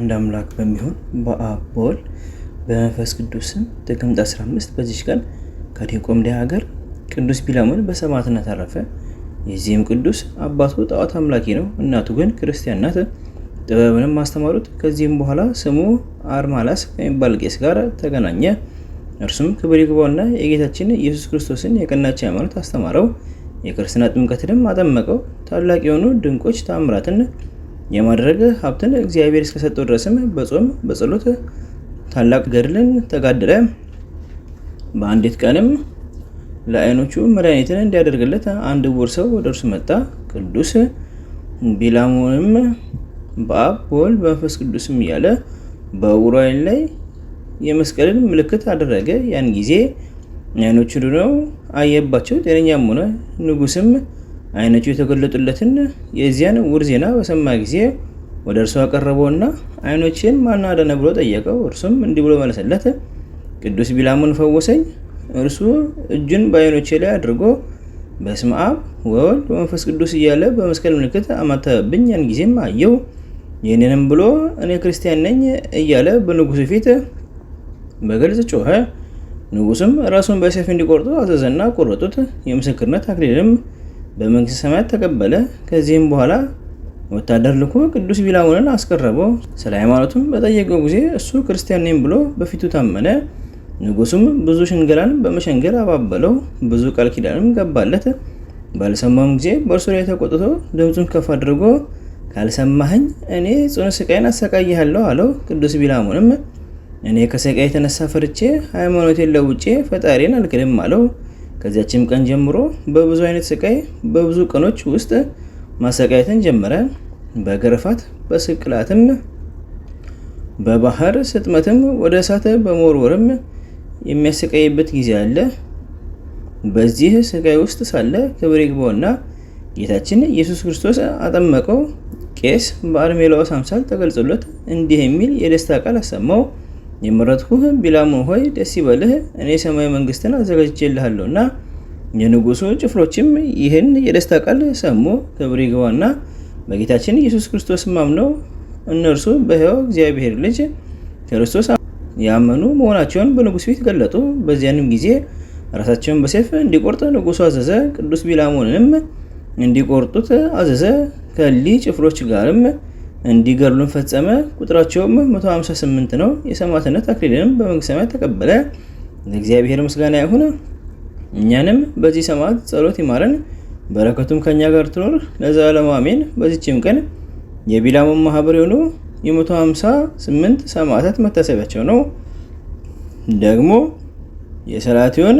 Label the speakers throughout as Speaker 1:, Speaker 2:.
Speaker 1: አንድ አምላክ በሚሆን በአብ በወልድ በመንፈስ ቅዱስ ስም ጥቅምት 15 በዚች ቀን ከዲቆምድያ ሀገር ቅዱስ ቢላሞን በሰማዕትነት አረፈ። የዚህም ቅዱስ አባቱ ጣዖት አምላኪ ነው፣ እናቱ ግን ክርስቲያን ናት። ጥበብንም አስተማሩት። ከዚህም በኋላ ስሙ አርማላስ ከሚባል ቄስ ጋር ተገናኘ። እርሱም ክብር ይግባውና የጌታችን ኢየሱስ ክርስቶስን የቀናች ሃይማኖት አስተማረው። የክርስትና ጥምቀትንም አጠመቀው። ታላቅ የሆኑ ድንቆች ተአምራትን የማድረግ ሀብትን እግዚአብሔር እስከሰጠው ድረስም በጾም በጸሎት ታላቅ ገድልን ተጋደለ። በአንዲት ቀንም ለአይኖቹ መድኃኒትን እንዲያደርግለት አንድ ዕውር ሰው ወደ እርሱ መጣ። ቅዱስ ቢላሞንም በአብ በወልድ በመንፈስ ቅዱስም እያለ በዕውሩ አይን ላይ የመስቀልን ምልክት አደረገ። ያን ጊዜ አይኖቹ ድነው አየባቸው፣ ጤነኛም ሆነ። ንጉስም አይነቱ የተገለጡለትን የዚያን ዕውር ዜና በሰማ ጊዜ ወደ እርሱ አቀረበውና አይኖቼን ማን አዳነ ብሎ ጠየቀው። እርሱም እንዲህ ብሎ መለሰለት፣ ቅዱስ ቢላሙን ፈወሰኝ። እርሱ እጁን በአይኖቼ ላይ አድርጎ በስመ አብ ወወልድ በመንፈስ ቅዱስ እያለ በመስቀል ምልክት አማተበብኝ። ያን ጊዜም አየው። ይህንንም ብሎ እኔ ክርስቲያን ነኝ እያለ በንጉሱ ፊት በግልጽ ጮኸ። ንጉሱም ራሱን በሰይፍ እንዲቆርጡ አዘዘና ቆረጡት። የምስክርነት አክሊልም በመንግስት ሰማያት ተቀበለ። ከዚህም በኋላ ወታደር ልኮ ቅዱስ ቢላሞንን አስቀረበው። ስለ ሃይማኖቱም በጠየቀው ጊዜ እሱ ክርስቲያን ነኝ ብሎ በፊቱ ታመነ። ንጉሱም ብዙ ሽንገላን በመሸንገል አባበለው፣ ብዙ ቃል ኪዳንም ገባለት። ባልሰማም ጊዜ በእርሱ ላይ ተቆጥቶ ድምፁን ከፍ አድርጎ ካልሰማህኝ እኔ ጽኑ ስቃይን አሰቃይሃለሁ አለው። ቅዱስ ቢላሞንም እኔ ከስቃይ የተነሳ ፈርቼ ሃይማኖቴን ለውጬ ፈጣሪን አልክድም አለው። ከዚያችም ቀን ጀምሮ በብዙ አይነት ስቃይ በብዙ ቀኖች ውስጥ ማሰቃየትን ጀመረ። በገርፋት በስቅላትም በባህር ስጥመትም ወደ እሳት በመወርወርም የሚያሰቃይበት ጊዜ አለ። በዚህ ስቃይ ውስጥ ሳለ ክብር ይግባውና ጌታችን ኢየሱስ ክርስቶስ አጠመቀው። ቄስ በአርሜላዎስ አምሳል ተገልጾለት እንዲህ የሚል የደስታ ቃል አሰማው። የመረጥኩህም ቢላሙ ሆይ ደስ ይበልህ፣ እኔ ሰማይ መንግስትን አዘጋጅቼልሃለሁ እና የንጉሱ ጭፍሮችም ይህን የደስታ ቃል ሰሙ። ክብር ይግባውና በጌታችን ኢየሱስ ክርስቶስ ማምነው እነርሱ በሕያው እግዚአብሔር ልጅ ክርስቶስ ያመኑ መሆናቸውን በንጉስ ፊት ገለጡ። በዚያንም ጊዜ ራሳቸውን በሰይፍ እንዲቆርጥ ንጉሱ አዘዘ። ቅዱስ ቢላሞንንም እንዲቆርጡት አዘዘ። ከሊ ጭፍሮች ጋርም እንዲገድሉን ፈጸመ። ቁጥራቸውም 158 ነው። የሰማዕትነት አክሊልንም በመንግሥተ ሰማያት ተቀበለ። ለእግዚአብሔር ምስጋና ይሁን። እኛንም በዚህ ሰማዕት ጸሎት ይማረን፣ በረከቱም ከእኛ ጋር ትኖር ለዘላለሙ አሜን። በዚችም ቀን የቢላሙን ማህበር የሆኑ የ158 ሰማዕታት መታሰቢያቸው ነው። ደግሞ የሰላቲዮን፣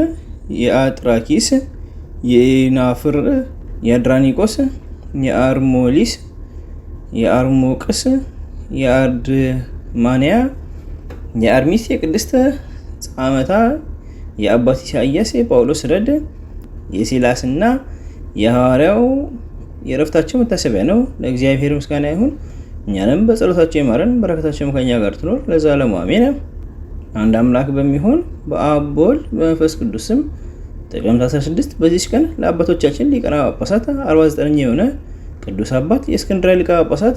Speaker 1: የአጥራኪስ፣ የናፍር፣ የአድራኒቆስ፣ የአርሞሊስ የአርሞቅስ፣ የአርድማንያ፣ የአርሚስ፣ የቅድስተ ጻመታ፣ የአባት ኢሳያስ፣ የጳውሎስ ረድ፣ የሲላስና የሐዋርያው የእረፍታቸው መታሰቢያ ነው። ለእግዚአብሔር ምስጋና ይሁን። እኛንም በጸሎታቸው ይማረን፣ በረከታቸውም ከኛ ጋር ትኖር ለዘላለሙ አሜን። አንድ አምላክ በሚሆን በአብ በወልድ በመንፈስ ቅዱስም ጥቅምት 16 በዚች ቀን ለአባቶቻችን ሊቃነ ጳጳሳት 49ኛ የሆነ ቅዱስ አባት የእስክንድርያ ሊቀ ጳጳሳት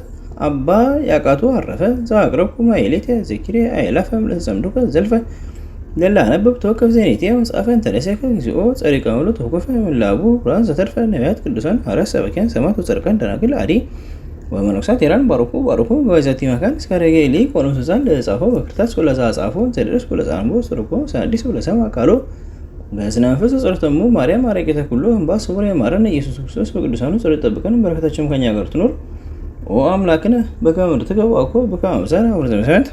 Speaker 1: አባ ያቃቱ አረፈ። ዘአቅረብኩ ማኅሌተ ዘኪርየ አእላፈ ለተጸምዱከ ዘልፈ ለላነበብቶ ከብዘኔቴ መጽሐፈ እንተነስከ እግዚኦ ጸሪቀ ሙሉ ተኮፈ ምላቡ ራን ዘተርፈ ነቢያት ቅዱሳን ሐዋርያት ሰበኪያን ሰማት ወጻድቃን ደናግል አዲ ወመነኮሳት ኢራን ባሮኩ ባሮኩ በዛቲ መካን እስካረገ ሊ ቆሎም ስዛን ለጻፈው በክርታስ ወለዛ ጻፈው ዘደረስ ወለዛንቦ ሰርቆ ሳዲስ ወለሰማ ቃሎ በዝነ መንፈስ ጸሎት ደግሞ ማርያም አረቄተ ጌታ ሁሉ እንባ ስውር የማረን ኢየሱስ ክርስቶስ በቅዱሳኑ ጸሎት ጠብቀን፣ በረከታችን ከኛ ጋር ትኖር። ኦ አምላክነ በከመ ንትከው አኮ በከመ አብሳና ወርዘመሰንት